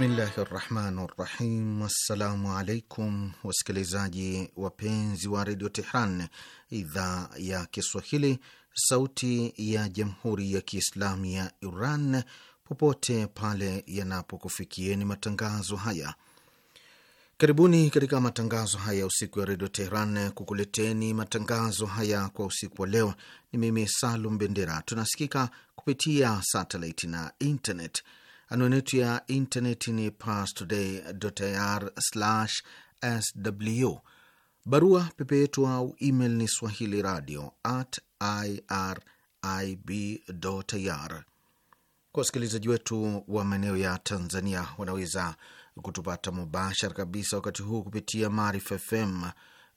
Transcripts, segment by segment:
Bismillahi rahmani rahim. Assalamu alaikum wasikilizaji wapenzi wa redio Tehran, idhaa ya Kiswahili, sauti ya jamhuri ya kiislamu ya Iran, popote pale yanapokufikieni matangazo haya. Karibuni katika matangazo haya ya usiku ya redio Tehran. Kukuleteni matangazo haya kwa usiku wa leo ni mimi Salum Bendera. Tunasikika kupitia satelaiti na internet. Anwani yetu ya intaneti ni parstoday.ir/sw. Barua pepe yetu au email ni swahili radio at irib.ir. Kwa wasikilizaji wetu wa maeneo ya Tanzania wanaweza kutupata mubashara kabisa wakati huu kupitia Maarifa FM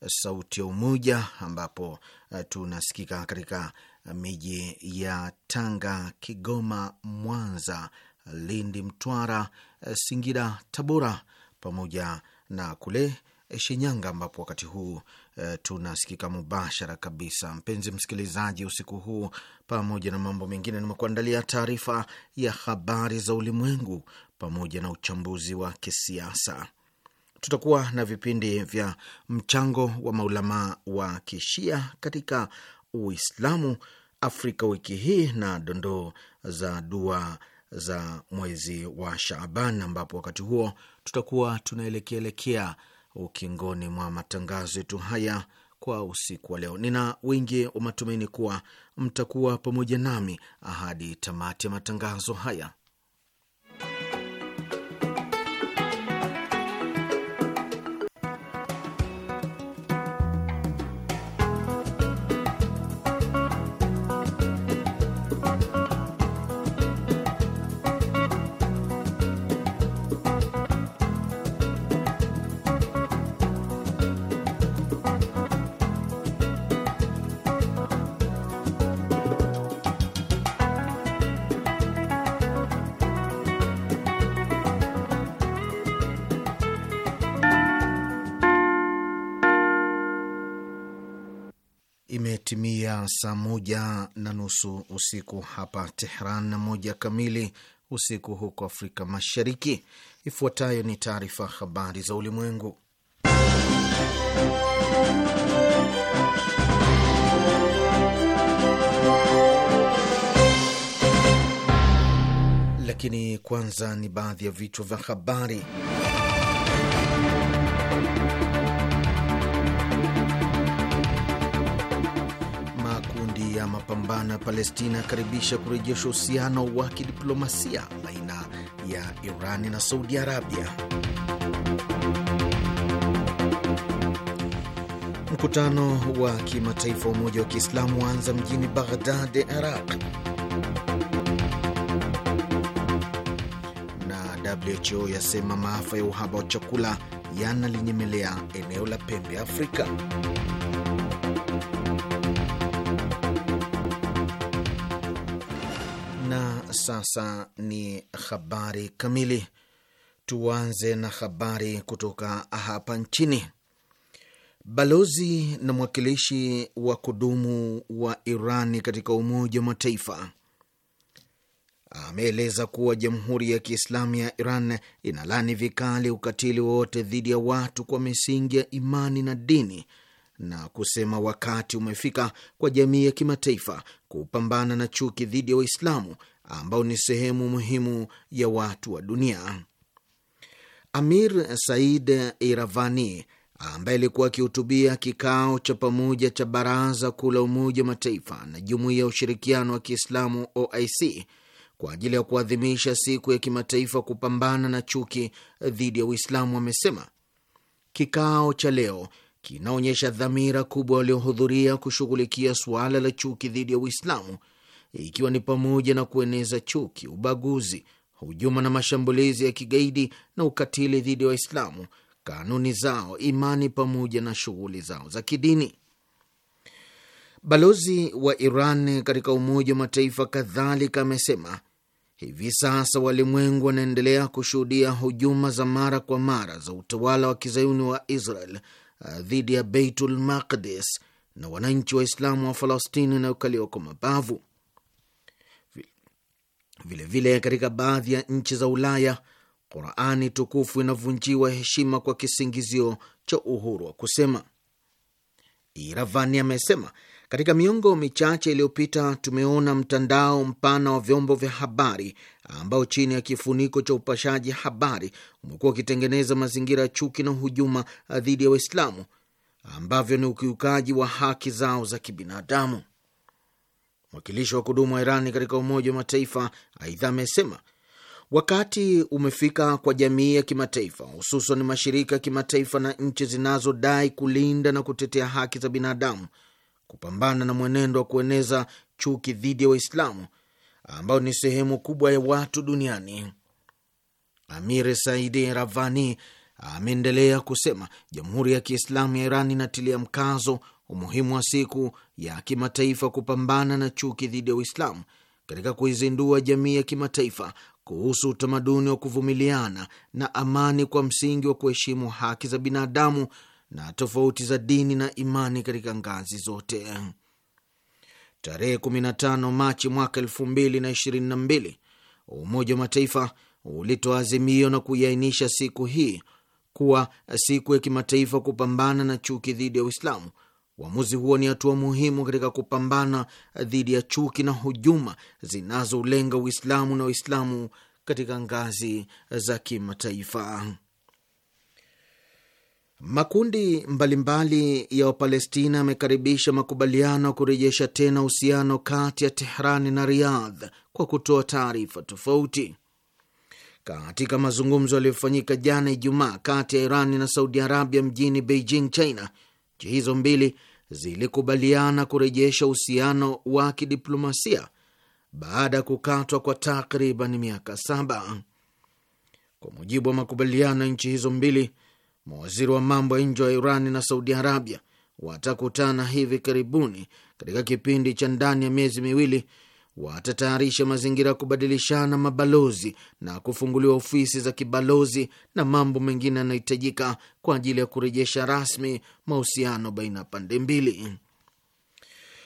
sauti ya Umoja, ambapo eh, tunasikika katika eh, miji ya Tanga, Kigoma, Mwanza, Lindi, Mtwara, eh, Singida, Tabora pamoja na kule eh, Shinyanga ambapo wakati huu e, tunasikika mubashara kabisa. Mpenzi msikilizaji, usiku huu pamoja na mambo mengine nimekuandalia taarifa ya habari za ulimwengu pamoja na uchambuzi wa kisiasa. Tutakuwa na vipindi vya mchango wa maulamaa wa kishia katika Uislamu Afrika wiki hii na dondoo za dua za mwezi wa Shaaban, ambapo wakati huo tutakuwa tunaelekeelekea ukingoni mwa matangazo yetu haya kwa usiku wa leo. Nina wingi wa matumaini kuwa mtakuwa pamoja nami ahadi tamati ya matangazo haya. saa moja na nusu usiku hapa Tehran na moja kamili usiku huko Afrika Mashariki. Ifuatayo ni taarifa habari za ulimwengu, lakini kwanza ni baadhi ya vichwa vya habari. pambana Palestina akaribisha kurejesha uhusiano wa kidiplomasia baina ya Irani na Saudi Arabia. Mkutano wa kimataifa wa Umoja wa Kiislamu waanza mjini Baghdad, Iraq. Na WHO yasema maafa ya uhaba wa chakula yanalinyemelea eneo la pembe Afrika. sasa ni habari kamili. Tuanze na habari kutoka hapa nchini. Balozi na mwakilishi wa kudumu wa Iran katika Umoja wa Mataifa ameeleza kuwa Jamhuri ya Kiislamu ya Iran inalani vikali ukatili wowote dhidi ya watu kwa misingi ya imani na dini na kusema wakati umefika kwa jamii ya kimataifa kupambana na chuki dhidi ya Waislamu ambao ni sehemu muhimu ya watu wa dunia. Amir Said Iravani ambaye alikuwa akihutubia kikao cha pamoja cha Baraza Kuu la Umoja wa Mataifa na Jumuiya ya Ushirikiano wa Kiislamu OIC kwa ajili ya kuadhimisha siku ya kimataifa kupambana na chuki dhidi ya Uislamu amesema kikao cha leo kinaonyesha dhamira kubwa waliohudhuria kushughulikia suala la chuki dhidi ya Uislamu ikiwa ni pamoja na kueneza chuki, ubaguzi, hujuma na mashambulizi ya kigaidi na ukatili dhidi ya wa Waislamu, kanuni zao, imani pamoja na shughuli zao za kidini. Balozi wa Iran katika Umoja wa Mataifa kadhalika amesema hivi sasa walimwengu wanaendelea kushuhudia hujuma za mara kwa mara za utawala wa kizayuni wa Israel uh, dhidi ya Beitul Maqdis na wananchi Waislamu wa Falastini inayokaliwa kwa mabavu. Vilevile, katika baadhi ya nchi za Ulaya, Qurani tukufu inavunjiwa heshima kwa kisingizio cha uhuru wa kusema. Iravani amesema katika miongo michache iliyopita tumeona mtandao mpana wa vyombo vya habari ambao chini ya kifuniko cha upashaji habari umekuwa ukitengeneza mazingira ya chuki na hujuma dhidi ya Waislamu ambavyo ni ukiukaji wa haki zao za kibinadamu. Mwakilishi wa kudumu wa Irani katika Umoja wa Mataifa aidha amesema wakati umefika kwa jamii ya kimataifa, hususan mashirika ya kimataifa na nchi zinazodai kulinda na kutetea haki za binadamu kupambana na mwenendo wa kueneza chuki dhidi ya Waislamu ambao ni sehemu kubwa ya watu duniani. Amir Saidi Ravani ameendelea kusema Jamhuri ya Kiislamu ya Iran inatilia mkazo umuhimu wa siku ya kimataifa kupambana na chuki dhidi ya Uislamu katika kuizindua jamii ya kimataifa kuhusu utamaduni wa kuvumiliana na amani kwa msingi wa kuheshimu haki za binadamu na tofauti za dini na imani katika ngazi zote. Tarehe 15 Machi mwaka 2022 Umoja wa Mataifa ulitoa azimio na kuiainisha siku hii kuwa siku ya kimataifa kupambana na chuki dhidi ya Uislamu Uamuzi huo ni hatua muhimu katika kupambana dhidi ya chuki na hujuma zinazolenga Uislamu na Waislamu katika ngazi za kimataifa. Makundi mbalimbali mbali ya Wapalestina yamekaribisha makubaliano ya kurejesha tena uhusiano kati ya Tehrani na Riyadh kwa kutoa taarifa tofauti. Katika mazungumzo yaliyofanyika jana Ijumaa kati ya iran na Saudi Arabia mjini Beijing, China, nchi hizo mbili zilikubaliana kurejesha uhusiano wa kidiplomasia baada ya kukatwa kwa takriban miaka saba. Kwa mujibu wa makubaliano ya nchi hizo mbili, mawaziri wa mambo ya nje wa Iran na Saudi Arabia watakutana hivi karibuni katika kipindi cha ndani ya miezi miwili watatayarisha mazingira ya kubadilishana mabalozi na kufunguliwa ofisi za kibalozi na mambo mengine yanayohitajika kwa ajili ya kurejesha rasmi mahusiano baina ya pande mbili.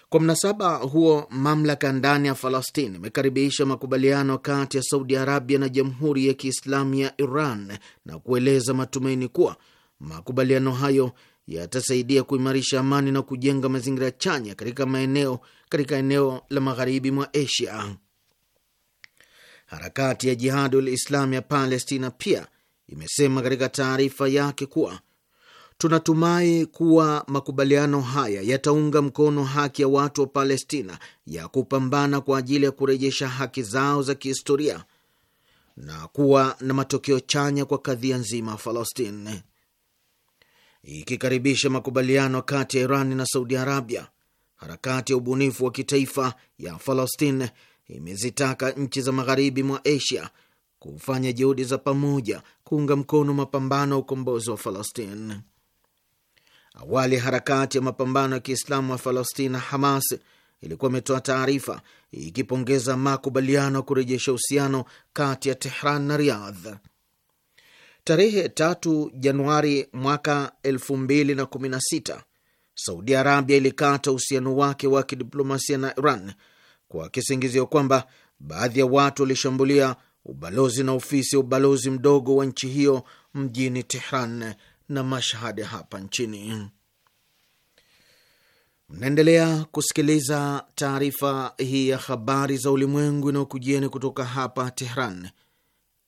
Kwa mnasaba huo, mamlaka ndani ya Falastini imekaribisha makubaliano kati ya Saudi Arabia na Jamhuri ya Kiislamu ya Iran na kueleza matumaini kuwa makubaliano hayo yatasaidia kuimarisha amani na kujenga mazingira chanya katika maeneo katika eneo la magharibi mwa Asia. Harakati ya Jihadul Islam ya Palestina pia imesema katika taarifa yake kuwa tunatumai kuwa makubaliano haya yataunga mkono haki ya watu wa Palestina ya kupambana kwa ajili ya kurejesha haki zao za kihistoria na kuwa na matokeo chanya kwa kadhia nzima Falastini ikikaribisha makubaliano kati ya Iran na Saudi Arabia. Harakati ya ubunifu wa kitaifa ya Falastin imezitaka nchi za magharibi mwa Asia kufanya juhudi za pamoja kuunga mkono mapambano ya ukombozi wa Falastin. Awali harakati ya mapambano ya Kiislamu wa Falastina, Hamas, ilikuwa imetoa taarifa ikipongeza makubaliano ya kurejesha uhusiano kati ya Tehran na Riyadh. Tarehe 3 Januari mwaka 216 Saudi Arabia ilikata uhusiano wake wa kidiplomasia na Iran kwa kisingizio kwamba baadhi ya watu walishambulia ubalozi na ofisi ya ubalozi mdogo wa nchi hiyo mjini Tehran na Mashhad hapa nchini. Mnaendelea kusikiliza taarifa hii ya habari za ulimwengu inayokujieni kutoka hapa Tehran,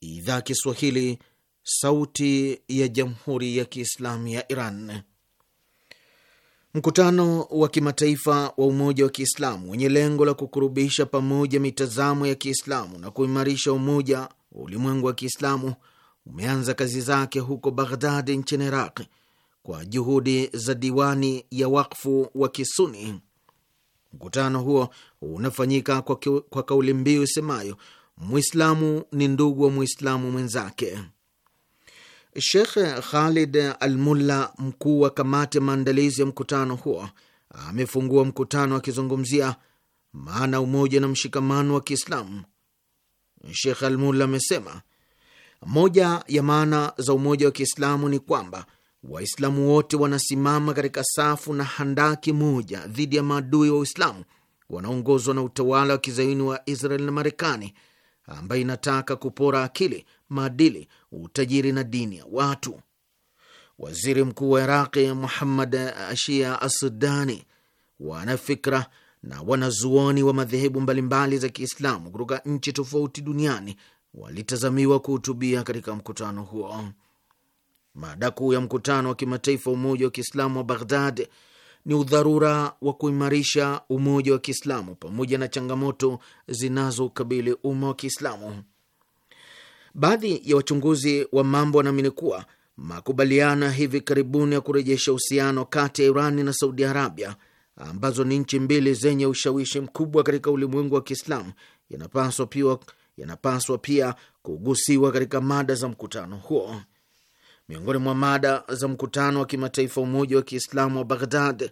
idhaa Kiswahili, Sauti ya Jamhuri ya Kiislamu ya Iran. Mkutano wa kimataifa wa Umoja wa Kiislamu wenye lengo la kukurubisha pamoja mitazamo ya Kiislamu na kuimarisha umoja wa ulimwengu wa Kiislamu umeanza kazi zake huko Baghdad nchini Iraq kwa juhudi za diwani ya wakfu wa Kisuni. Mkutano huo unafanyika kwa, kwa kauli mbiu isemayo Mwislamu ni ndugu wa Mwislamu mwenzake. Shekh Khalid Almulla, mkuu wa kamati ya maandalizi ya mkutano huo, amefungua mkutano akizungumzia maana umoja na mshikamano wa Kiislamu. Shekh Almulla amesema moja ya maana za umoja wa Kiislamu ni kwamba Waislamu wote wanasimama katika safu na handaki moja dhidi ya maadui wa Uislamu wanaongozwa na utawala wa kizayuni wa Israel na Marekani ambayo inataka kupora akili, maadili, utajiri na dini ya watu. Waziri mkuu wa Iraqi Muhammad Ashia Asudani, wanafikra na wanazuoni wa madhehebu mbalimbali za Kiislamu kutoka nchi tofauti duniani walitazamiwa kuhutubia katika mkutano huo. Mada kuu ya mkutano wa kimataifa umoja wa Kiislamu wa Baghdad ni udharura wa kuimarisha umoja wa Kiislamu pamoja na changamoto zinazoukabili umma wa Kiislamu. Baadhi ya wachunguzi wa mambo wanaamini kuwa makubaliano ya hivi karibuni ya kurejesha uhusiano kati ya Irani na Saudi Arabia, ambazo ni nchi mbili zenye ushawishi mkubwa katika ulimwengu wa Kiislamu, yanapaswa pia, yanapaswa pia kugusiwa katika mada za mkutano huo. Miongoni mwa mada za mkutano wa kimataifa umoja wa Kiislamu wa Baghdad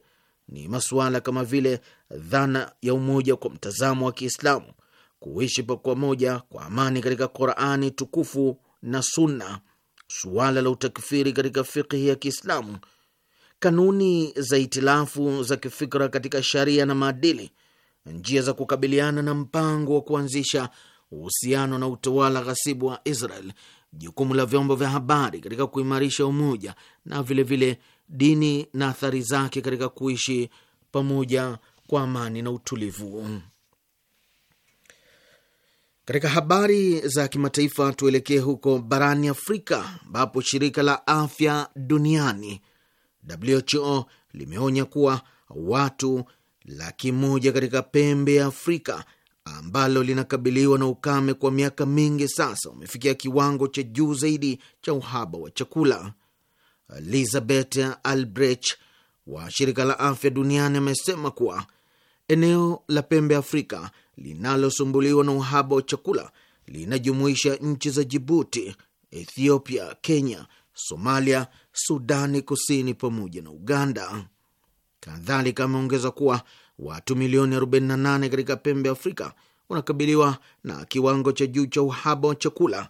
ni masuala kama vile dhana ya umoja kwa mtazamo wa Kiislamu, kuishi kwa moja kwa amani katika Qurani tukufu na Sunna, suala la utakfiri katika fikhi ya Kiislamu, kanuni za itilafu za kifikra katika sharia na maadili, njia za kukabiliana na mpango wa kuanzisha uhusiano na utawala ghasibu wa Israel jukumu la vyombo vya habari katika kuimarisha umoja na vilevile vile dini na athari zake katika kuishi pamoja kwa amani na utulivu. Katika habari za kimataifa, tuelekee huko barani Afrika ambapo shirika la afya duniani WHO limeonya kuwa watu laki moja katika pembe ya Afrika ambalo linakabiliwa na ukame kwa miaka mingi sasa, umefikia kiwango cha juu zaidi cha uhaba wa chakula. Elizabeth Albrecht wa shirika la afya duniani amesema kuwa eneo la pembe Afrika linalosumbuliwa na uhaba wa chakula linajumuisha nchi za Jibuti, Ethiopia, Kenya, Somalia, Sudani Kusini pamoja na Uganda. Kadhalika ameongeza kuwa watu milioni 48 katika pembe ya Afrika wanakabiliwa na kiwango cha juu cha uhaba wa chakula.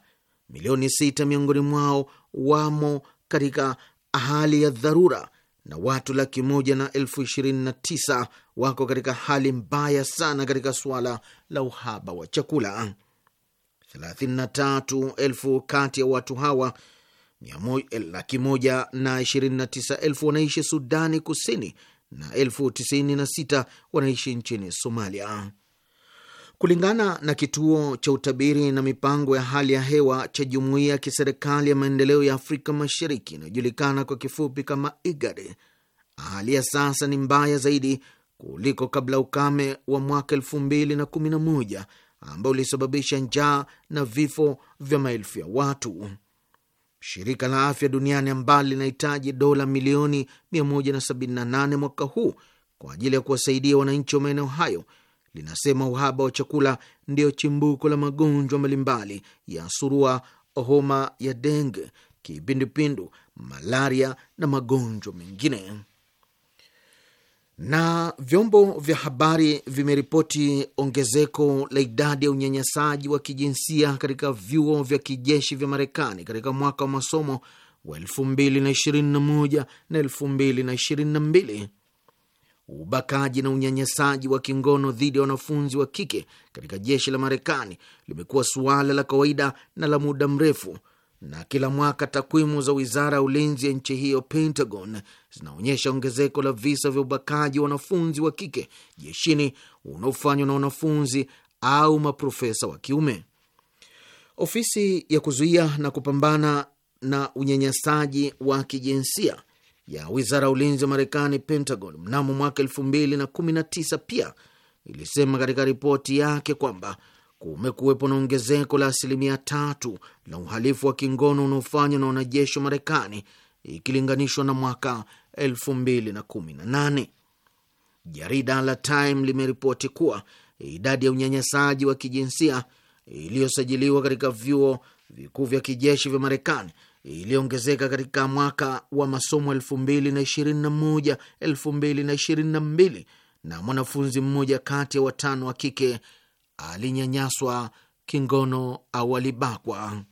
Milioni sita miongoni mwao wamo katika hali ya dharura na watu laki moja na elfu ishirini na tisa wako katika hali mbaya sana katika suala la uhaba wa chakula. tatu elfu kati ya watu hawa laki moja na ishirini na tisa elfu wanaishi Sudani Kusini na elfu tisini na sita wanaishi nchini Somalia. Kulingana na kituo cha utabiri na mipango ya hali ya hewa cha jumuiya ya kiserikali ya maendeleo ya Afrika Mashariki inayojulikana kwa kifupi kama IGAD, hali ya sasa ni mbaya zaidi kuliko kabla ukame wa mwaka elfu mbili na kumi na moja ambao ulisababisha njaa na vifo vya maelfu ya watu. Shirika la Afya Duniani ambalo linahitaji dola milioni 178 mwaka huu kwa ajili ya kuwasaidia wananchi wa maeneo hayo linasema uhaba wa chakula ndio chimbuko la magonjwa mbalimbali ya surua, homa ya denge, kipindupindu, malaria na magonjwa mengine. Na vyombo vya habari vimeripoti ongezeko la idadi ya unyanyasaji wa kijinsia katika vyuo vya kijeshi vya Marekani katika mwaka wa masomo wa 2021 na 2022. Ubakaji na unyanyasaji wa kingono dhidi ya wanafunzi wa kike katika jeshi la Marekani limekuwa suala la kawaida na la muda mrefu na kila mwaka takwimu za wizara ya ulinzi ya nchi hiyo Pentagon zinaonyesha ongezeko la visa vya ubakaji wa wanafunzi wa kike jeshini unaofanywa na wanafunzi au maprofesa wa kiume. Ofisi ya kuzuia na kupambana na unyanyasaji wa kijinsia ya wizara ya ulinzi wa Marekani, Pentagon, mnamo mwaka 219 pia ilisema katika ripoti yake kwamba kumekuwepo na ongezeko la asilimia tatu la uhalifu wa kingono unaofanywa na wanajeshi wa Marekani ikilinganishwa na mwaka 2018. Jarida la Time limeripoti kuwa idadi ya unyanyasaji wa kijinsia iliyosajiliwa katika vyuo vikuu vya kijeshi vya Marekani iliongezeka katika mwaka wa masomo 2021 2022 na mwanafunzi mmoja kati ya watano wa kike alinyanyaswa kingono au alibakwa.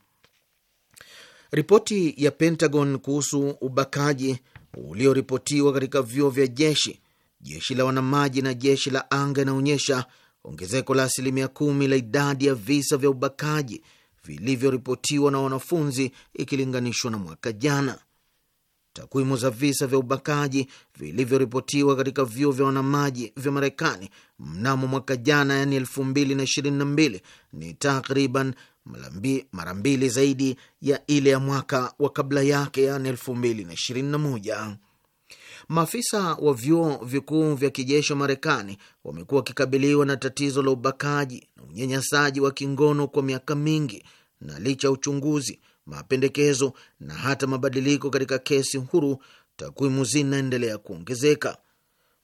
Ripoti ya Pentagon kuhusu ubakaji ulioripotiwa katika vyuo vya jeshi, jeshi la wanamaji na jeshi la anga inaonyesha ongezeko la asilimia kumi la idadi ya visa vya ubakaji vilivyoripotiwa na wanafunzi ikilinganishwa na mwaka jana. Takwimu za visa vya ubakaji vilivyoripotiwa katika vyuo vya wanamaji vya Marekani mnamo mwaka jana, yani elfu mbili na ishirini na mbili ni takriban mara mbili zaidi ya ile ya mwaka wa kabla yake, yani elfu mbili na ishirini na moja. Maafisa wa vyuo vikuu vya kijeshi wa Marekani wamekuwa wakikabiliwa na tatizo la ubakaji na unyanyasaji wa kingono kwa miaka mingi, na licha ya uchunguzi mapendekezo na hata mabadiliko katika kesi huru, takwimu zinaendelea kuongezeka.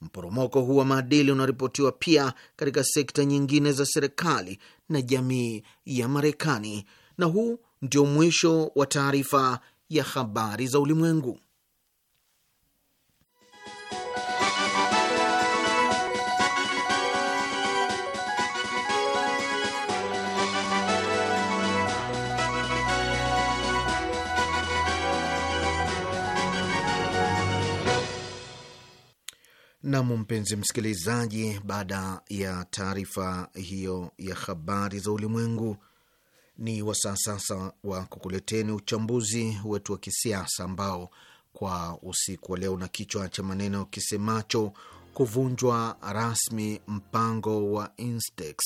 Mporomoko huu wa maadili unaripotiwa pia katika sekta nyingine za serikali na jamii ya Marekani. Na huu ndio mwisho wa taarifa ya habari za ulimwengu. Nam, mpenzi msikilizaji, baada ya taarifa hiyo ya habari za ulimwengu, ni wasaa sasa wa kukuleteni uchambuzi wetu wa kisiasa ambao kwa usiku wa leo na kichwa cha maneno kisemacho kuvunjwa rasmi mpango wa Instex,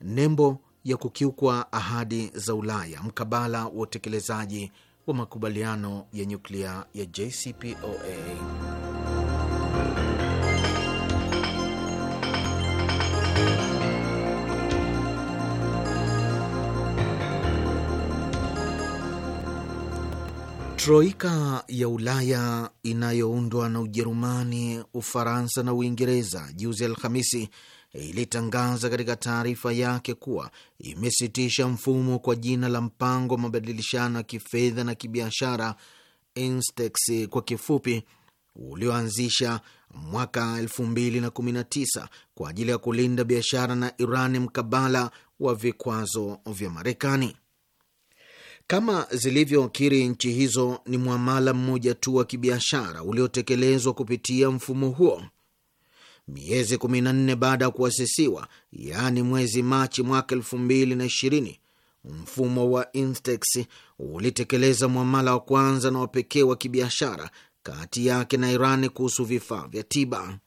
nembo ya kukiukwa ahadi za Ulaya mkabala wa utekelezaji wa makubaliano ya nyuklia ya JCPOA. Troika ya Ulaya inayoundwa na Ujerumani, Ufaransa na Uingereza juzi Alhamisi ilitangaza katika taarifa yake kuwa imesitisha mfumo kwa jina la mpango wa mabadilishano ya kifedha na kibiashara INSTEX kwa kifupi, ulioanzisha mwaka 2019 kwa ajili ya kulinda biashara na Iran mkabala wa vikwazo vya Marekani. Kama zilivyokiri nchi hizo, ni mwamala mmoja tu wa kibiashara uliotekelezwa kupitia mfumo huo. Miezi 14 baada ya kuasisiwa, yaani mwezi Machi mwaka 2020, mfumo wa Instex ulitekeleza mwamala wa kwanza na wapekee wa kibiashara kati yake na Iran kuhusu vifaa vya tiba.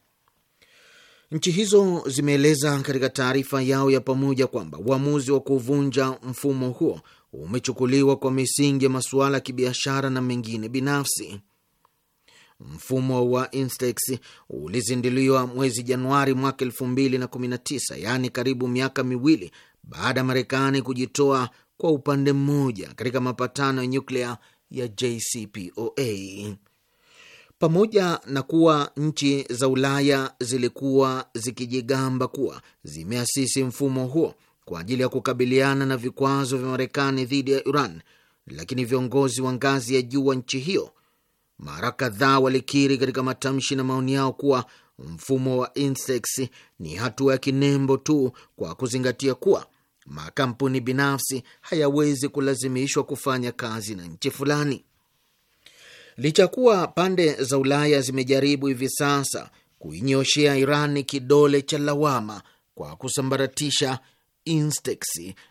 Nchi hizo zimeeleza katika taarifa yao ya pamoja kwamba uamuzi wa kuvunja mfumo huo umechukuliwa kwa misingi ya masuala ya kibiashara na mengine binafsi. Mfumo wa Instex ulizinduliwa mwezi Januari mwaka elfu mbili na kumi na tisa, yaani karibu miaka miwili baada ya Marekani kujitoa kwa upande mmoja katika mapatano ya nyuklia ya JCPOA. Pamoja na kuwa nchi za Ulaya zilikuwa zikijigamba kuwa zimeasisi mfumo huo kwa ajili ya kukabiliana na vikwazo vya Marekani dhidi ya Iran, lakini viongozi wa ngazi ya juu wa nchi hiyo mara kadhaa walikiri katika matamshi na maoni yao kuwa mfumo wa INSEX ni hatua ya kinembo tu, kwa kuzingatia kuwa makampuni binafsi hayawezi kulazimishwa kufanya kazi na nchi fulani. Licha kuwa pande za Ulaya zimejaribu hivi sasa kuinyoshea Iran kidole cha lawama kwa kusambaratisha Instex,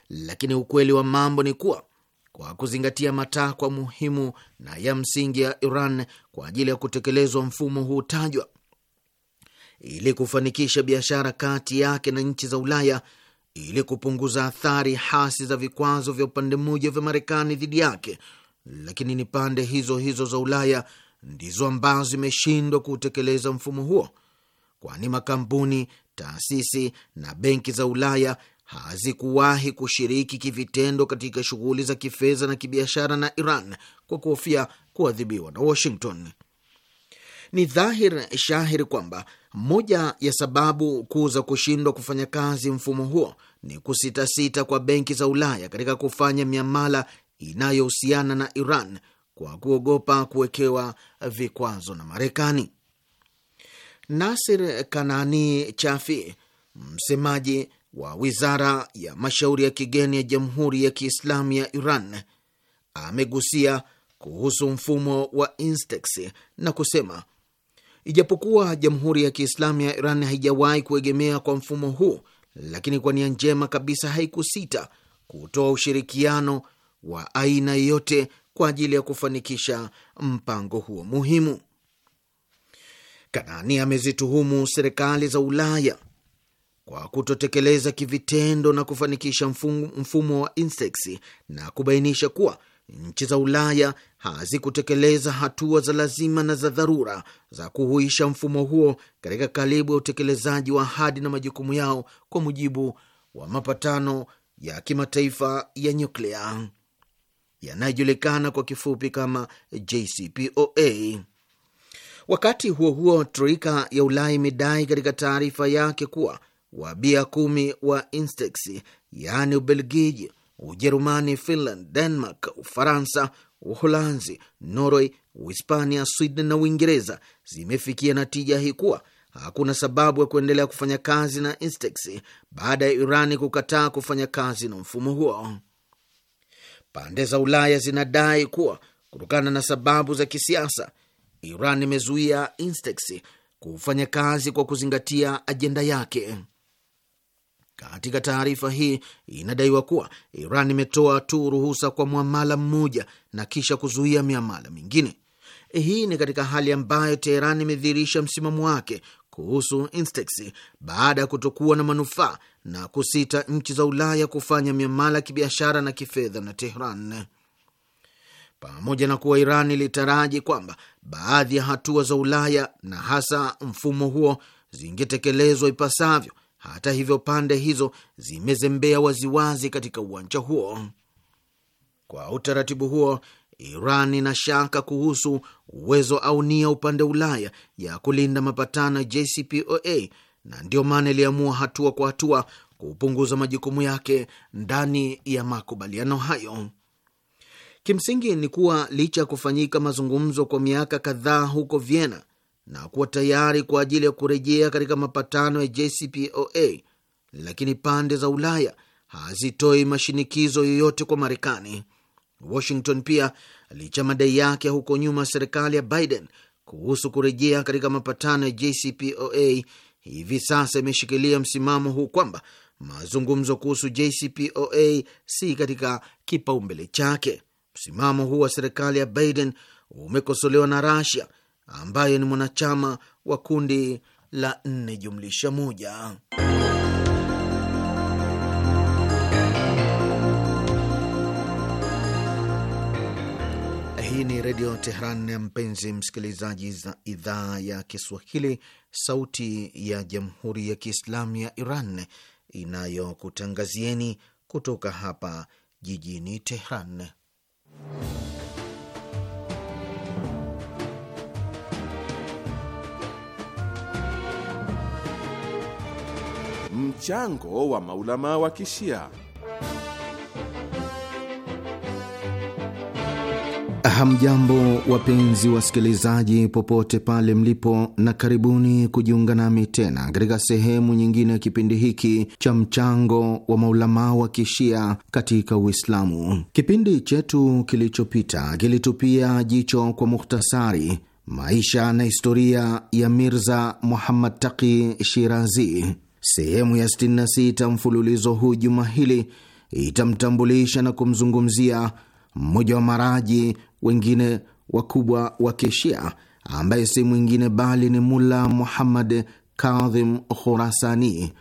lakini ukweli wa mambo ni kuwa kwa kuzingatia matakwa muhimu na ya msingi ya Iran kwa ajili ya kutekelezwa mfumo huu tajwa, ili kufanikisha biashara kati yake na nchi za Ulaya, ili kupunguza athari hasi za vikwazo vya upande mmoja vya Marekani dhidi yake, lakini ni pande hizo hizo za Ulaya ndizo ambazo zimeshindwa kutekeleza mfumo huo, kwani makampuni, taasisi na benki za Ulaya hazikuwahi kushiriki kivitendo katika shughuli za kifedha na kibiashara na Iran kwa kuhofia kuadhibiwa na Washington. Ni dhahir shahiri kwamba moja ya sababu kuu za kushindwa kufanya kazi mfumo huo ni kusitasita kwa benki za Ulaya katika kufanya miamala inayohusiana na Iran kwa kuogopa kuwekewa vikwazo na Marekani. Nasir Kanani Chafi, msemaji wa wizara ya mashauri ya kigeni ya Jamhuri ya Kiislamu ya Iran amegusia kuhusu mfumo wa Instex na kusema ijapokuwa Jamhuri ya Kiislamu ya Iran haijawahi kuegemea kwa mfumo huu, lakini kwa nia njema kabisa haikusita kutoa ushirikiano wa aina yoyote kwa ajili ya kufanikisha mpango huo muhimu. Kanani amezituhumu serikali za Ulaya kwa kutotekeleza kivitendo na kufanikisha mfumo, mfumo wa INSEX na kubainisha kuwa nchi za Ulaya hazikutekeleza hatua za lazima na za dharura za kuhuisha mfumo huo katika karibu ya utekelezaji wa ahadi na majukumu yao kwa mujibu wa mapatano ya kimataifa ya nyuklia yanayojulikana kwa kifupi kama JCPOA. Wakati huo huo, troika ya Ulaya imedai katika taarifa yake kuwa wa bia kumi wa Instex yaani Ubelgiji, Ujerumani, Finland, Denmark, Ufaransa, Uholanzi, Norway, Uhispania, Sweden na Uingereza zimefikia natija hii kuwa hakuna sababu ya kuendelea kufanya kazi na Instex baada ya Irani kukataa kufanya kazi na mfumo huo. Pande za Ulaya zinadai kuwa kutokana na sababu za kisiasa, Iran imezuia Instex kufanya kazi kwa kuzingatia ajenda yake. Katika taarifa hii inadaiwa kuwa Iran imetoa tu ruhusa kwa mwamala mmoja na kisha kuzuia miamala mingine. Hii ni katika hali ambayo Teheran imedhihirisha msimamo wake kuhusu Instex baada ya kutokuwa na manufaa na kusita nchi za Ulaya kufanya miamala kibiashara na kifedha na Tehran. Pamoja na kuwa Iran ilitaraji kwamba baadhi ya hatua za Ulaya na hasa mfumo huo zingetekelezwa ipasavyo, hata hivyo, pande hizo zimezembea waziwazi katika uwanja huo. Kwa utaratibu huo, Iran ina shaka kuhusu uwezo au nia upande Ulaya ya kulinda mapatano ya JCPOA na ndio maana iliamua hatua kwa hatua kupunguza majukumu yake ndani ya makubaliano hayo. Kimsingi ni kuwa licha ya kufanyika mazungumzo kwa miaka kadhaa huko Vienna, na kuwa tayari kwa ajili ya kurejea katika mapatano ya JCPOA, lakini pande za Ulaya hazitoi mashinikizo yoyote kwa Marekani. Washington pia, licha madai yake huko nyuma serikali ya Biden kuhusu kurejea katika mapatano ya JCPOA, hivi sasa imeshikilia msimamo huu kwamba mazungumzo kuhusu JCPOA si katika kipaumbele chake. Msimamo huu wa serikali ya Biden umekosolewa na Russia ambaye ni mwanachama wa kundi la nne jumlisha moja. Hii ni Redio Tehran, mpenzi msikilizaji, za idhaa ya Kiswahili, sauti ya Jamhuri ya Kiislamu ya Iran inayokutangazieni kutoka hapa jijini Tehran. mchango wa maulama wa Kishia. Hamjambo, wapenzi wasikilizaji, popote pale mlipo, na karibuni kujiunga nami tena katika sehemu nyingine ya kipindi hiki cha mchango wa maulamaa wa kishia katika Uislamu. Kipindi chetu kilichopita kilitupia jicho kwa mukhtasari maisha na historia ya Mirza Muhammad Taqi Shirazi. Sehemu ya 66 mfululizo huu juma hili itamtambulisha na kumzungumzia mmoja wa maraji wengine wakubwa wa Kishia ambaye si mwingine bali ni Mula Muhammad Kadhim Khurasani,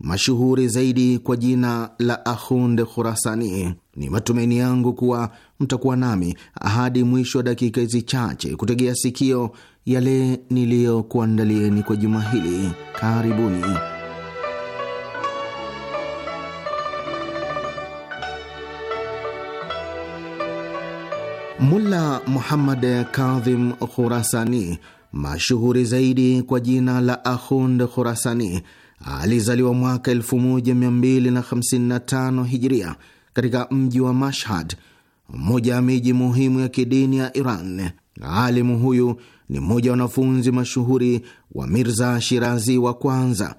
mashuhuri zaidi kwa jina la Ahund Khurasani. Ni matumaini yangu kuwa mtakuwa nami hadi mwisho wa dakika hizi chache kutegea sikio yale niliyokuandalieni kwa juma hili. Karibuni. Mulla Muhammad Kadhim Khurasani, mashuhuri zaidi kwa jina la Ahund Khurasani, alizaliwa mwaka 1255 Hijria katika mji wa Mashhad, mmoja ya miji muhimu ya kidini ya Iran. Alimu huyu ni mmoja wa wanafunzi mashuhuri wa Mirza Shirazi wa kwanza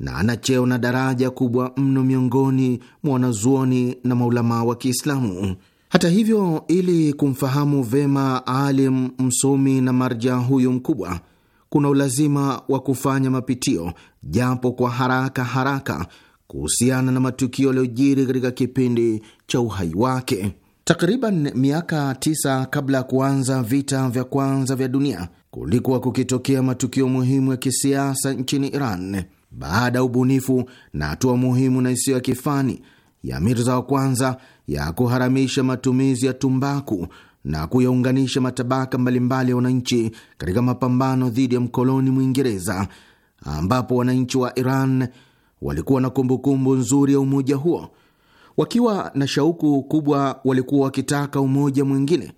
na ana cheo na daraja kubwa mno miongoni mwa wanazuoni na maulamaa wa Kiislamu. Hata hivyo, ili kumfahamu vema alim msomi na marja huyu mkubwa, kuna ulazima wa kufanya mapitio japo kwa haraka haraka kuhusiana na matukio yaliyojiri katika kipindi cha uhai wake. Takriban miaka tisa kabla ya kuanza vita vya kwanza vya dunia, kulikuwa kukitokea matukio muhimu ya kisiasa nchini Iran. Baada ya ubunifu na hatua muhimu na isiyo ya kifani ya Mirza wa kwanza ya kuharamisha matumizi ya tumbaku na kuyaunganisha matabaka mbalimbali ya wananchi katika mapambano dhidi ya mkoloni Mwingereza, ambapo wananchi wa Iran walikuwa na kumbukumbu nzuri ya umoja huo. Wakiwa na shauku kubwa, walikuwa wakitaka umoja mwingine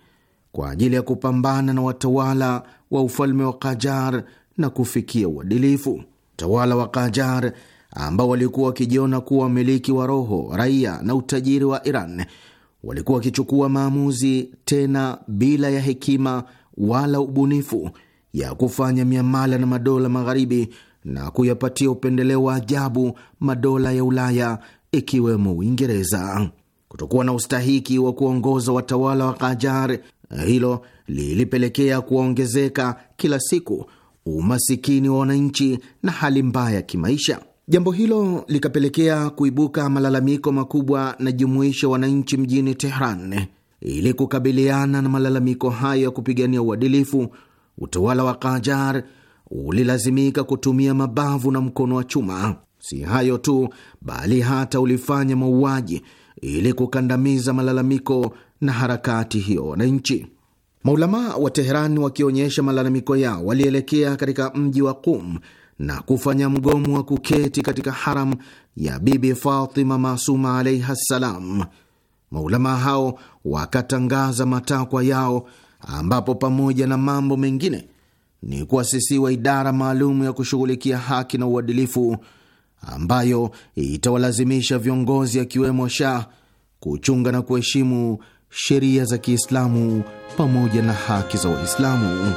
kwa ajili ya kupambana na watawala wa ufalme wa Kajar na kufikia uadilifu. Utawala wa Kajar ambao walikuwa wakijiona kuwa wamiliki wa roho, raia na utajiri wa Iran, walikuwa wakichukua maamuzi tena bila ya hekima wala ubunifu ya kufanya miamala na madola magharibi na kuyapatia upendeleo wa ajabu madola ya Ulaya ikiwemo Uingereza. Kutokuwa na ustahiki wa kuongoza watawala wa Kajar, hilo lilipelekea kuongezeka kila siku umasikini wa wananchi na hali mbaya ya kimaisha. Jambo hilo likapelekea kuibuka malalamiko makubwa na jumuisha wananchi mjini Tehran. Ili kukabiliana na malalamiko hayo ya kupigania uadilifu, utawala wa Kajar ulilazimika kutumia mabavu na mkono wa chuma. Si hayo tu, bali hata ulifanya mauaji ili kukandamiza malalamiko na harakati hiyo wananchi. Maulamaa wa teheran wakionyesha malalamiko yao walielekea katika mji wa Qum na kufanya mgomo wa kuketi katika haram ya Bibi Fatima Masuma alaiha ssalam. Maulamaa hao wakatangaza matakwa yao, ambapo pamoja na mambo mengine ni kuasisiwa idara maalum ya kushughulikia haki na uadilifu ambayo itawalazimisha viongozi akiwemo Shah kuchunga na kuheshimu sheria za Kiislamu pamoja na haki za Waislamu.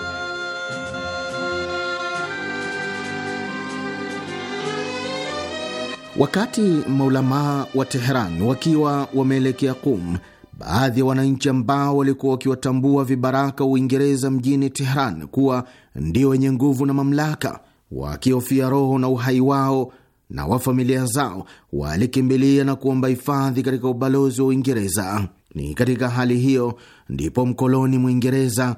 Wakati maulamaa wa Teheran wakiwa wameelekea Qum, baadhi ya wananchi ambao walikuwa wakiwatambua vibaraka wa Uingereza mjini Teheran kuwa ndio wenye nguvu na mamlaka, wakihofia roho na uhai wao na wa familia zao, walikimbilia na kuomba hifadhi katika ubalozi wa Uingereza. Ni katika hali hiyo ndipo mkoloni Mwingereza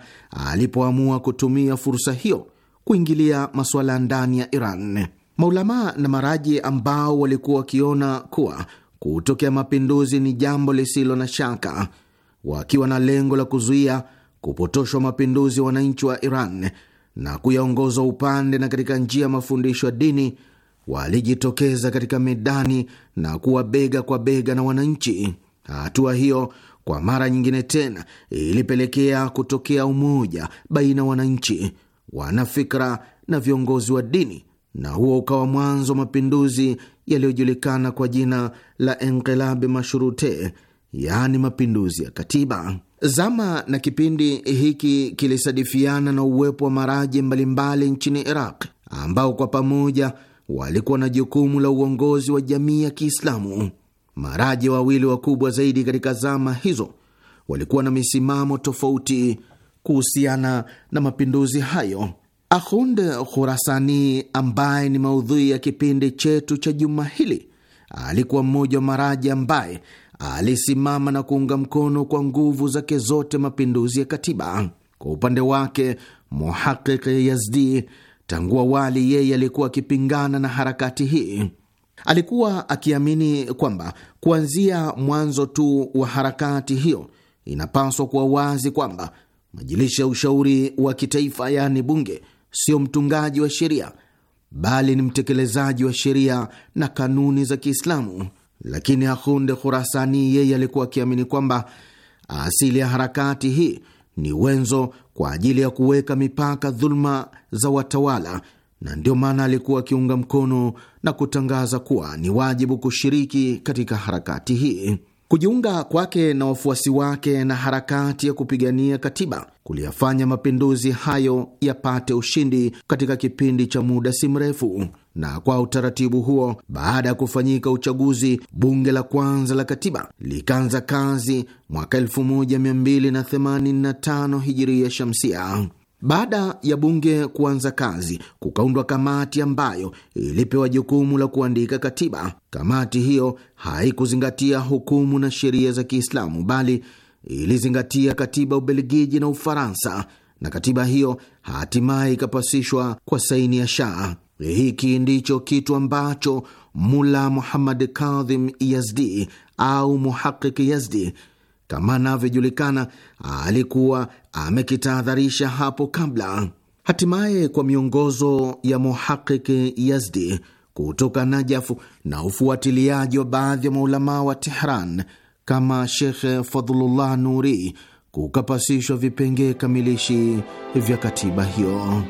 alipoamua kutumia fursa hiyo kuingilia masuala ndani ya Iran. Maulamaa na maraji ambao walikuwa wakiona kuwa kutokea mapinduzi ni jambo lisilo na shaka, wakiwa na lengo la kuzuia kupotoshwa mapinduzi ya wananchi wa Iran na kuyaongoza upande na katika njia ya mafundisho ya dini, walijitokeza katika medani na kuwa bega kwa bega na wananchi. Hatua hiyo kwa mara nyingine tena ilipelekea kutokea umoja baina ya wananchi, wanafikra na viongozi wa dini na huo ukawa mwanzo wa mapinduzi yaliyojulikana kwa jina la Enkelabe Mashurute, yaani mapinduzi ya katiba. Zama na kipindi hiki kilisadifiana na uwepo wa maraji mbalimbali nchini Iraq ambao kwa pamoja walikuwa na jukumu la uongozi wa jamii ya Kiislamu. Maraji wawili wakubwa zaidi katika zama hizo walikuwa na misimamo tofauti kuhusiana na mapinduzi hayo. Ahund Khurasani, ambaye ni maudhui ya kipindi chetu cha juma hili, alikuwa mmoja wa maraji ambaye alisimama na kuunga mkono kwa nguvu zake zote mapinduzi ya katiba. Kwa upande wake, Muhaqiq Yazdi tangu awali yeye alikuwa akipingana na harakati hii. Alikuwa akiamini kwamba kuanzia mwanzo tu wa harakati hiyo inapaswa kuwa wazi kwamba majilisi ya ushauri wa kitaifa, yaani bunge sio mtungaji wa sheria, bali ni mtekelezaji wa sheria na kanuni za Kiislamu. Lakini ahunde Khurasani yeye alikuwa akiamini kwamba asili ya harakati hii ni wenzo kwa ajili ya kuweka mipaka dhuluma za watawala, na ndio maana alikuwa akiunga mkono na kutangaza kuwa ni wajibu kushiriki katika harakati hii. Kujiunga kwake na wafuasi wake na harakati ya kupigania katiba kuliyafanya mapinduzi hayo yapate ushindi katika kipindi cha muda si mrefu. Na kwa utaratibu huo, baada ya kufanyika uchaguzi, bunge la kwanza la katiba likaanza kazi mwaka 1285 hijiria shamsia. Baada ya bunge kuanza kazi, kukaundwa kamati ambayo ilipewa jukumu la kuandika katiba. Kamati hiyo haikuzingatia hukumu na sheria za Kiislamu, bali ilizingatia katiba Ubelgiji na Ufaransa, na katiba hiyo hatimaye ikapasishwa kwa saini ya Shah. Hiki ndicho kitu ambacho Mula Muhammad Kadhim Yazdi au Muhaqiq Yazdi kama anavyojulikana, alikuwa amekitahadharisha hapo kabla. Hatimaye, kwa miongozo ya muhaqiki Yazdi kutoka Najafu na ufuatiliaji wa baadhi ya maulamaa wa Tehran kama Shekhe Fadhlullah Nuri, kukapasishwa vipengee kamilishi vya katiba hiyo.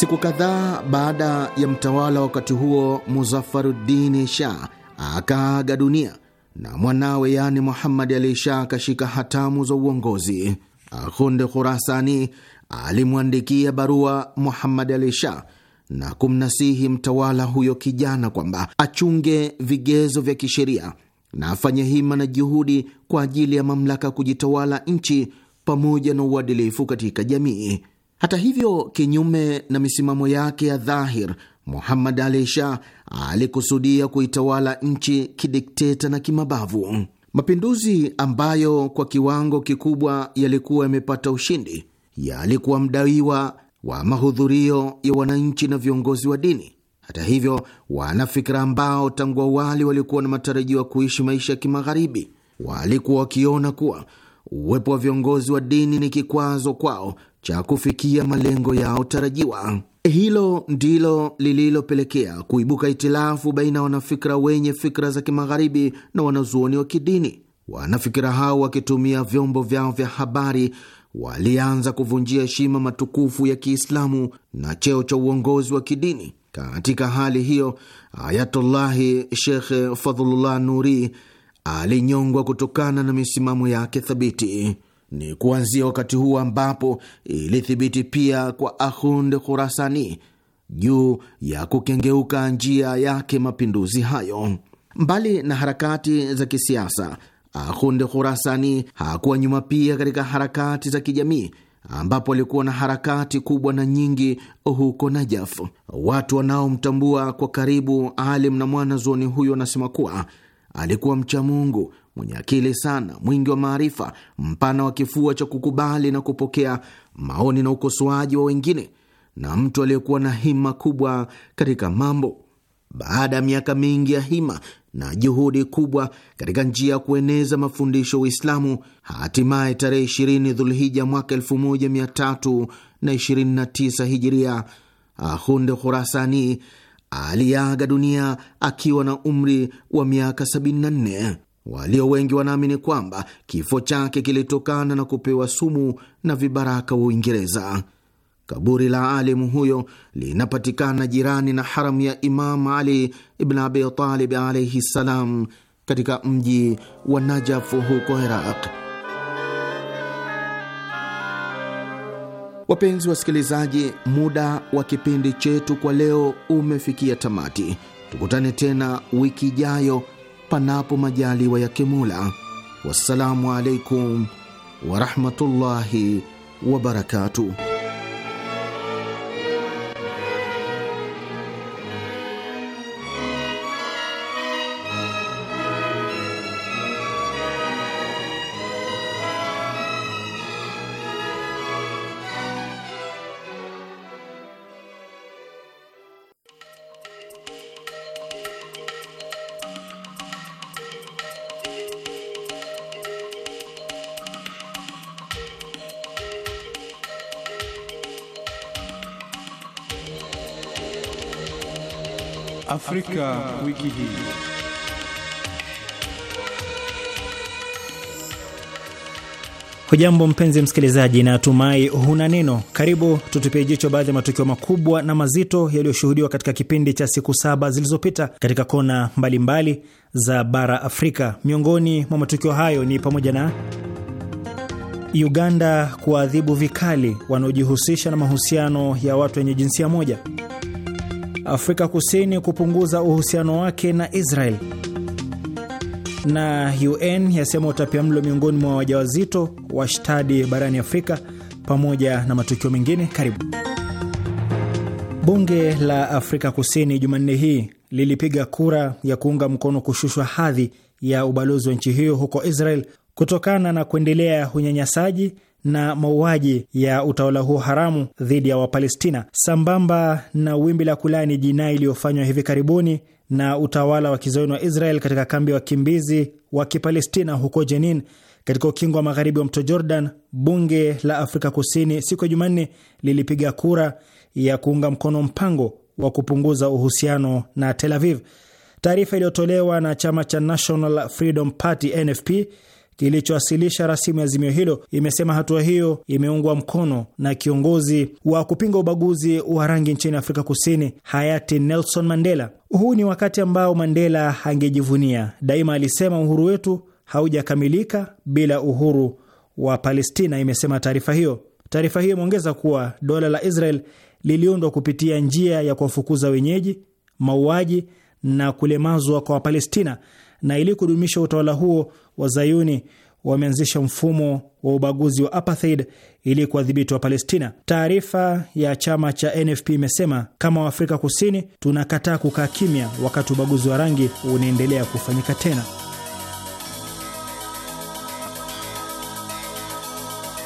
Siku kadhaa baada ya mtawala wakati huo muzafarudini Shah akaaga dunia na mwanawe yaani muhamadi Ali Shah akashika hatamu za uongozi, Akhunde Khurasani alimwandikia barua Muhammad Ali Shah na kumnasihi mtawala huyo kijana kwamba achunge vigezo vya kisheria na afanye hima na juhudi kwa ajili ya mamlaka kujitawala nchi pamoja na uadilifu katika jamii. Hata hivyo, kinyume na misimamo yake ya dhahir, Muhammad Ali Shah alikusudia kuitawala nchi kidikteta na kimabavu, mapinduzi ambayo kwa kiwango kikubwa yalikuwa yamepata ushindi yalikuwa mdawiwa wa mahudhurio ya wananchi na viongozi wa dini. Hata hivyo, wanafikira ambao tangu awali walikuwa na matarajio ya kuishi maisha ya kimagharibi walikuwa wakiona kuwa uwepo wa viongozi wa dini ni kikwazo kwao cha kufikia malengo yao tarajiwa. Hilo ndilo lililopelekea kuibuka itilafu baina ya wanafikira wenye fikra za kimagharibi na wanazuoni wa kidini. Wanafikira hao wakitumia vyombo vyao vya habari walianza kuvunjia heshima matukufu ya Kiislamu na cheo cha uongozi wa kidini. Katika hali hiyo, Ayatullahi Shekh Fadhlullah Nuri alinyongwa kutokana na misimamo yake thabiti. Ni kuanzia wakati huu ambapo ilithibiti pia kwa Ahund Khurasani juu ya kukengeuka njia yake mapinduzi hayo. Mbali na harakati za kisiasa, Ahund Khurasani hakuwa nyuma pia katika harakati za kijamii ambapo alikuwa na harakati kubwa na nyingi huko Najaf. Watu wanaomtambua kwa karibu alim na mwanazuoni huyo wanasema kuwa alikuwa mcha Mungu, mwenye akili sana, mwingi wa maarifa, mpana wa kifua cha kukubali na kupokea maoni na ukosoaji wa wengine, na mtu aliyekuwa na hima kubwa katika mambo. Baada ya miaka mingi ya hima na juhudi kubwa katika njia ya kueneza mafundisho Uislamu, hatimaye tarehe 20 Dhulhija mwaka 1329 Hijiria, Ahunde Khurasani aliaga dunia akiwa na umri wa miaka 74. Walio wengi wanaamini kwamba kifo chake kilitokana na kupewa sumu na vibaraka wa Uingereza. Kaburi la alimu huyo linapatikana jirani na haramu ya Imam Ali ibn Abi Talib alaihi ssalam katika mji wa Najafu huko Iraq. Wapenzi wasikilizaji, muda wa kipindi chetu kwa leo umefikia tamati. Tukutane tena wiki ijayo panapo majaliwa yake Mola. Wassalamu alaikum warahmatullahi wabarakatuh. Afrika wiki hii. Hujambo mpenzi msikilizaji, na tumai huna neno. Karibu tutupie jicho baadhi ya matukio makubwa na mazito yaliyoshuhudiwa katika kipindi cha siku saba zilizopita katika kona mbalimbali mbali za bara Afrika. Miongoni mwa matukio hayo ni pamoja na Uganda kuwaadhibu vikali wanaojihusisha na mahusiano ya watu wenye jinsia moja Afrika Kusini kupunguza uhusiano wake na Israel, na UN yasema utapiamlo miongoni mwa wajawazito washtadi barani Afrika, pamoja na matukio mengine. Karibu. Bunge la Afrika Kusini Jumanne hii lilipiga kura ya kuunga mkono kushushwa hadhi ya ubalozi wa nchi hiyo huko Israel kutokana na kuendelea unyanyasaji na mauaji ya utawala huo haramu dhidi ya Wapalestina, sambamba na wimbi la kulani jinai iliyofanywa hivi karibuni na utawala wa kizayuni wa Israel katika kambi ya wa wakimbizi wa Kipalestina huko Jenin katika ukingo wa magharibi wa mto Jordan. Bunge la Afrika Kusini siku ya Jumanne lilipiga kura ya kuunga mkono mpango wa kupunguza uhusiano na Tel Aviv. Taarifa iliyotolewa na chama cha National Freedom Party NFP kilichowasilisha rasimu ya azimio hilo imesema hatua hiyo imeungwa mkono na kiongozi wa kupinga ubaguzi wa rangi nchini Afrika Kusini, hayati Nelson Mandela. Huu ni wakati ambao Mandela angejivunia daima. Alisema uhuru wetu haujakamilika bila uhuru wa Palestina, imesema taarifa hiyo. Taarifa hiyo imeongeza kuwa dola la Israel liliundwa kupitia njia ya kuwafukuza wenyeji, mauaji na kulemazwa kwa Wapalestina na ili kudumisha utawala huo, wa zayuni wameanzisha mfumo wa ubaguzi wa apartheid ili kuwadhibiti wa Palestina. Taarifa ya chama cha NFP imesema kama Waafrika Kusini tunakataa kukaa kimya wakati ubaguzi wa rangi unaendelea kufanyika tena.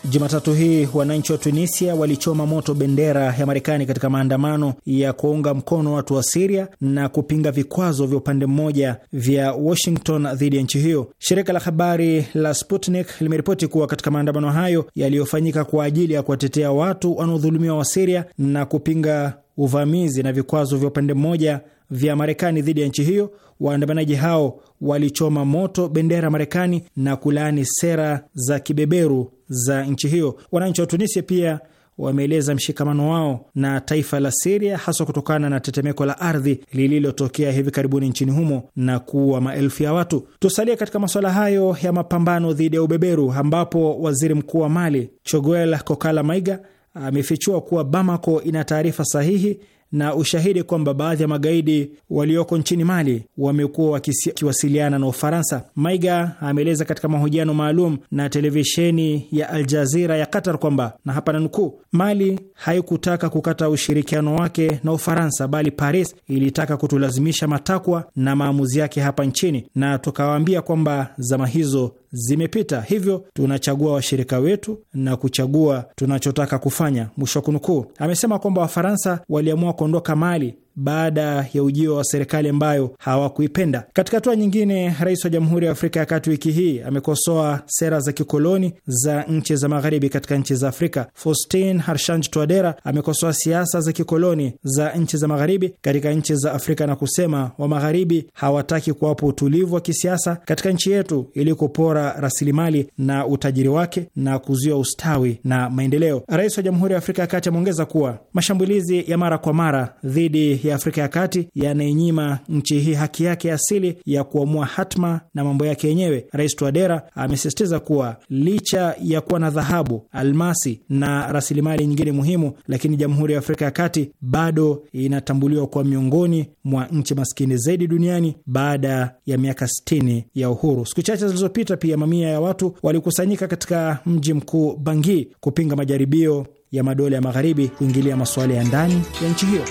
Jumatatu hii wananchi wa Tunisia walichoma moto bendera ya Marekani katika maandamano ya kuunga mkono watu wa Siria na kupinga vikwazo vya upande mmoja vya Washington dhidi ya nchi hiyo. Shirika la habari la Sputnik limeripoti kuwa katika maandamano hayo yaliyofanyika kwa ajili ya kuwatetea watu wanaodhulumiwa wa Siria na kupinga uvamizi na vikwazo vya upande mmoja vya Marekani dhidi ya nchi hiyo, waandamanaji hao walichoma moto bendera ya Marekani na kulaani sera za kibeberu za nchi hiyo. Wananchi wa Tunisia pia wameeleza mshikamano wao na taifa la Siria haswa kutokana na tetemeko la ardhi lililotokea hivi karibuni nchini humo na kuua maelfu ya watu. Tusalia katika masuala hayo ya mapambano dhidi ya ubeberu, ambapo waziri mkuu wa Mali Choguel Kokala Maiga amefichua kuwa Bamako ina taarifa sahihi na ushahidi kwamba baadhi ya magaidi walioko nchini Mali wamekuwa wakiwasiliana na Ufaransa. Maiga ameeleza katika mahojiano maalum na televisheni ya Aljazira ya Qatar kwamba na hapa nanukuu, Mali haikutaka kukata ushirikiano wake na Ufaransa, bali Paris ilitaka kutulazimisha matakwa na maamuzi yake hapa nchini, na tukawaambia kwamba zama hizo zimepita, hivyo tunachagua washirika wetu na kuchagua tunachotaka kufanya, mwisho wa kunukuu. Amesema kwamba Wafaransa waliamua kuondoka Mali baada ya ujio wa serikali ambayo hawakuipenda. Katika hatua nyingine, rais wa Jamhuri ya Afrika ya Kati wiki hii amekosoa sera za kikoloni za nchi za magharibi katika nchi za Afrika. Faustin Harshanj Twadera amekosoa siasa za kikoloni za nchi za magharibi katika nchi za Afrika na kusema wa magharibi hawataki kuwapo utulivu wa kisiasa katika nchi yetu ili kupora rasilimali na utajiri wake na kuzuia ustawi na maendeleo. Rais wa Jamhuri ya Afrika ya Kati ameongeza kuwa mashambulizi ya mara kwa mara dhidi ya Afrika ya Kati yanainyima nchi hii haki yake asili ya kuamua hatma na mambo yake yenyewe. Rais Twadera amesisitiza kuwa licha ya kuwa na dhahabu, almasi na rasilimali nyingine muhimu, lakini Jamhuri ya Afrika ya Kati bado inatambuliwa kwa miongoni mwa nchi maskini zaidi duniani baada ya miaka 60 ya uhuru. Siku chache zilizopita, pia mamia ya watu walikusanyika katika mji mkuu Bangui kupinga majaribio ya madola ya magharibi kuingilia masuala ya ndani ya nchi hiyo.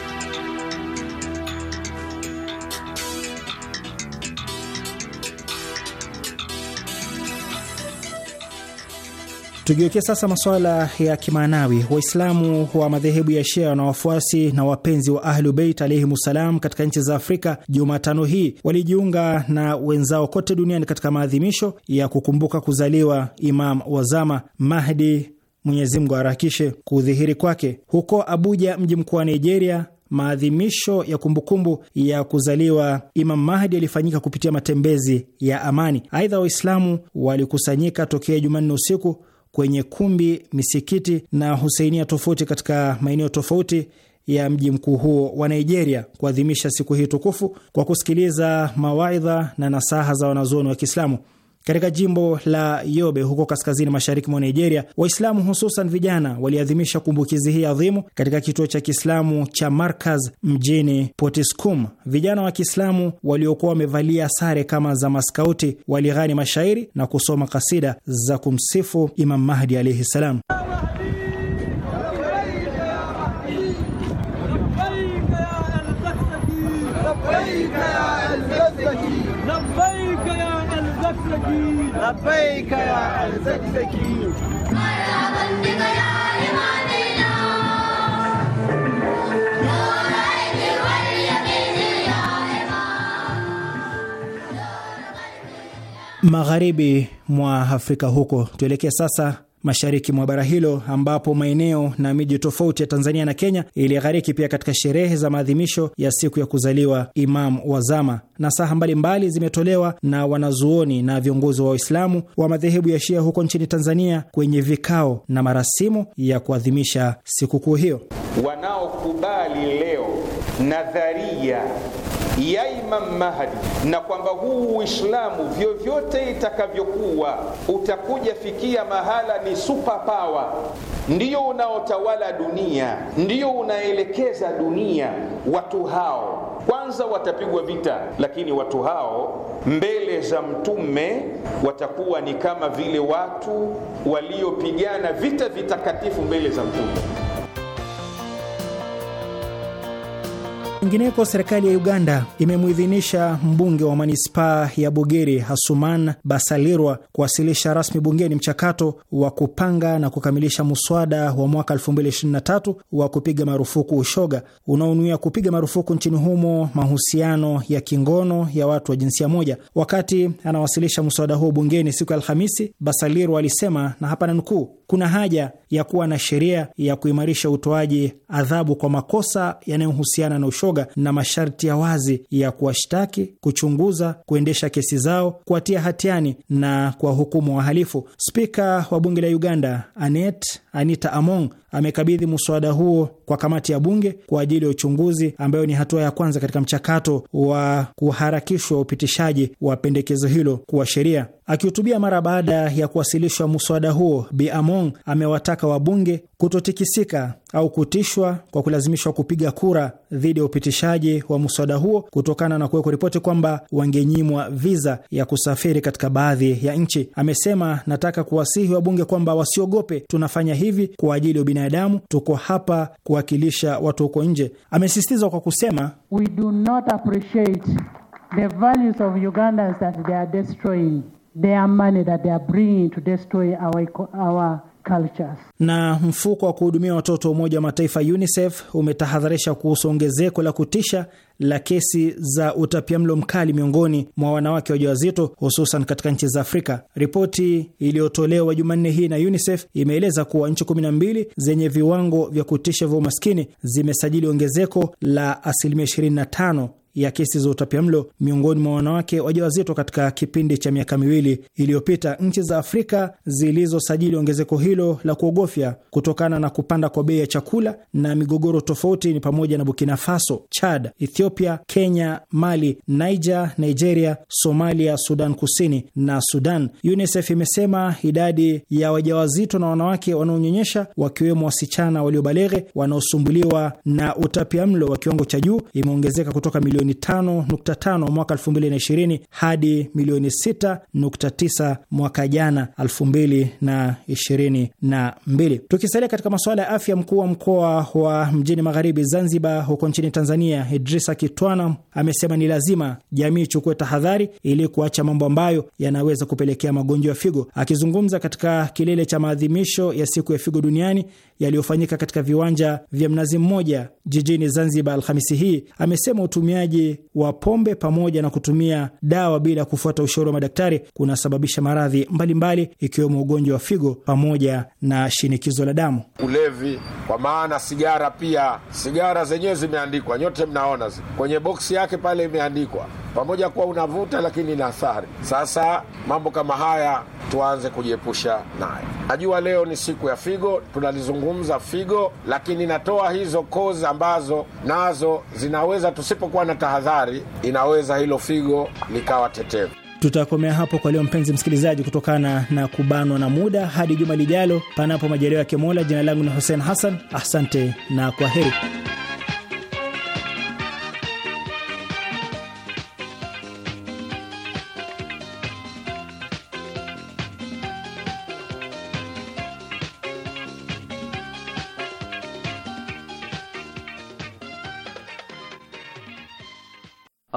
Tugeukie sasa masuala ya kimaanawi. Waislamu wa madhehebu ya Shia na wafuasi na wapenzi wa Ahlu Beit alaihimussalam katika nchi za Afrika Jumatano hii walijiunga na wenzao kote duniani katika maadhimisho ya kukumbuka kuzaliwa Imam Wazama Mahdi, Mwenyezi Mungu aharakishe kudhihiri kwake, huko Abuja, mji mkuu wa Nigeria. Maadhimisho ya kumbukumbu ya kuzaliwa Imam Mahdi yalifanyika kupitia matembezi ya amani. Aidha, Waislamu walikusanyika tokea Jumanne usiku kwenye kumbi, misikiti na husainia tofauti katika maeneo tofauti ya mji mkuu huo wa Nigeria kuadhimisha siku hii tukufu kwa kusikiliza mawaidha na nasaha za wanazuoni wa Kiislamu. Katika jimbo la Yobe huko kaskazini mashariki mwa Nigeria, Waislamu hususan vijana waliadhimisha kumbukizi hii adhimu katika kituo cha Kiislamu cha Markaz mjini Potiskum. Vijana wa Kiislamu waliokuwa wamevalia sare kama za maskauti walighani mashairi na kusoma kasida za kumsifu Imam Mahdi alaihi ssalam. magharibi mwa Afrika huko. Tuelekee sasa mashariki mwa bara hilo ambapo maeneo na miji tofauti ya Tanzania na Kenya ilighariki pia katika sherehe za maadhimisho ya siku ya kuzaliwa Imam Wazama. Nasaha mbalimbali zimetolewa na wanazuoni na viongozi wa Waislamu wa madhehebu ya Shia huko nchini Tanzania kwenye vikao na marasimu ya kuadhimisha sikukuu hiyo. Wanaokubali leo nadharia Imam Mahdi, na kwamba huu Uislamu vyovyote itakavyokuwa utakuja fikia mahala ni super power, ndiyo unaotawala dunia, ndiyo unaelekeza dunia. Watu hao kwanza watapigwa vita, lakini watu hao mbele za Mtume watakuwa ni kama vile watu waliopigana vita vitakatifu mbele za Mtume. ingineko serikali ya Uganda imemwidhinisha mbunge wa manispaa ya Bugiri Hasuman Basalirwa kuwasilisha rasmi bungeni mchakato wa kupanga na kukamilisha muswada wa mwaka 2023 wa kupiga marufuku ushoga unaonuia kupiga marufuku nchini humo mahusiano ya kingono ya watu wa jinsia moja. Wakati anawasilisha muswada huo bungeni siku ya Alhamisi, Basalirwa alisema na hapa nukuu, kuna haja ya kuwa na sheria ya kuimarisha utoaji adhabu kwa makosa yanayohusiana na ushoga mashoga na masharti ya wazi ya kuwashtaki, kuchunguza, kuendesha kesi zao, kuwatia hatiani na kuwahukumu wahalifu. Spika wa bunge la Uganda Anet Anita Among amekabidhi muswada huo kwa kamati ya bunge kwa ajili ya uchunguzi, ambayo ni hatua ya kwanza katika mchakato wa kuharakishwa upitishaji wa pendekezo hilo kuwa sheria. Akihutubia mara baada ya kuwasilishwa muswada huo, Bi Among amewataka wabunge kutotikisika au kutishwa kwa kulazimishwa kupiga kura dhidi ya upitishaji wa muswada huo kutokana na kuwekwa ripoti kwamba wangenyimwa viza ya kusafiri katika baadhi ya nchi. Amesema, nataka kuwasihi wabunge kwamba wasiogope, tunafanya hivi kwa ajili ya binadamu, tuko hapa kuwakilisha watu huko nje. Amesisitiza kwa kusema We do not appreciate the values of Ugandans that they are destroying, their money that they are bringing to destroy our, our cultures. Na mfuko wa kuhudumia watoto wa Umoja wa Mataifa UNICEF umetahadharisha kuhusu ongezeko la kutisha la kesi za utapiamlo mkali miongoni mwa wanawake wajawazito hususan katika nchi za Afrika. Ripoti iliyotolewa Jumanne hii na UNICEF imeeleza kuwa nchi 12 zenye viwango vya kutisha vya umaskini zimesajili ongezeko la asilimia 25 ya kesi za utapiamlo miongoni mwa wanawake wajawazito katika kipindi cha miaka miwili iliyopita. Nchi za Afrika zilizosajili ongezeko hilo la kuogofya kutokana na kupanda kwa bei ya chakula na migogoro tofauti ni pamoja na Burkina Faso, Chad, Ethiopia, Kenya, Mali, Niger, Nigeria, Somalia, Sudan Kusini na Sudan. UNICEF imesema idadi ya wajawazito na wanawake wanaonyonyesha, wakiwemo wasichana waliobalere wanaosumbuliwa na utapiamlo wa kiwango cha juu imeongezeka kutoka milioni milioni 5.5 mwaka 2020 hadi milioni 6.9 mwaka jana 2022. Tukisalia katika masuala ya afya, mkuu wa mkoa wa mjini magharibi Zanzibar huko nchini Tanzania, Idrisa Kitwana amesema ni lazima jamii ichukue tahadhari ili kuacha mambo ambayo yanaweza kupelekea magonjwa ya figo. Akizungumza katika kilele cha maadhimisho ya siku ya figo duniani yaliyofanyika katika viwanja vya Mnazi Mmoja jijini Zanzibar Alhamisi hii, amesema utumiaji utumiaji wa pombe pamoja na kutumia dawa bila kufuata ushauri wa madaktari kunasababisha maradhi mbalimbali ikiwemo ugonjwa wa figo pamoja na shinikizo la damu. Ulevi kwa maana sigara, pia sigara zenyewe zimeandikwa, nyote mnaona zi. kwenye boksi yake pale imeandikwa pamoja kuwa unavuta, lakini na athari. Sasa mambo kama haya tuanze kujiepusha nayo. Najua leo ni siku ya figo, tunalizungumza figo, lakini natoa hizo kozi ambazo nazo zinaweza, tusipokuwa na tahadhari, inaweza hilo figo likawa tetevu. Tutakomea hapo kwa leo, mpenzi msikilizaji, kutokana na kubanwa na muda. Hadi juma lijalo, panapo majaliwa ya Kemola. Jina langu ni Hussein Hassan, asante na kwa heri.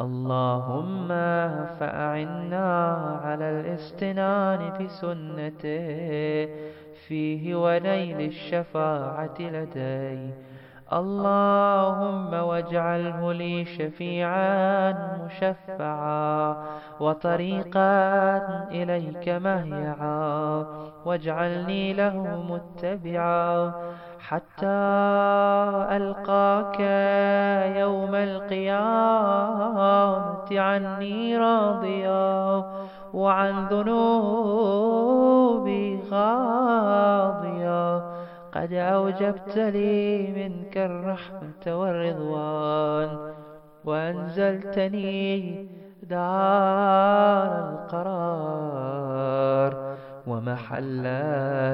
اللهم فأعنا على الاستنان بسنته فيه ونيل الشفاعة لديه اللهم واجعله لي شفيعا مشفعا وطريقا إليك مهيعا واجعلني له متبعا حتى ألقاك يوم القيامة عني راضيا وعن ذنوبي خاضيا قد أوجبت لي منك الرحمة والرضوان وأنزلتني دار القرار ومحل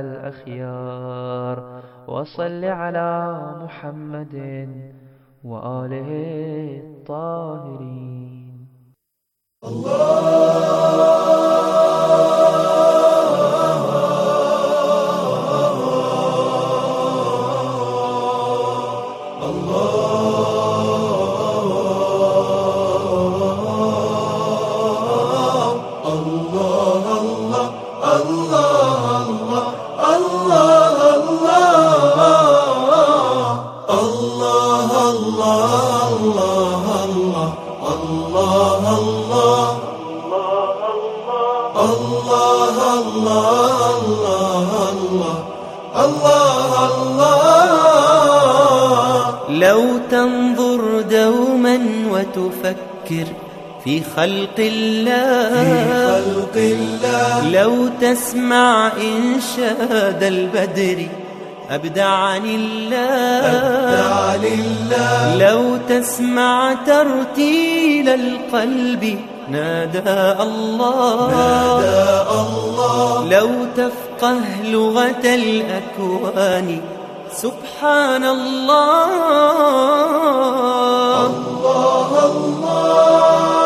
الأخيار وصل على محمد وآله الطاهرين الله خلق الله خلق الله لو تسمع إنشاد البدر أبدع عن الله ابدعني الله لو تسمع ترتيل القلب نادى الله نادى الله لو تفقه لغة الأكوان سبحان الله الله الله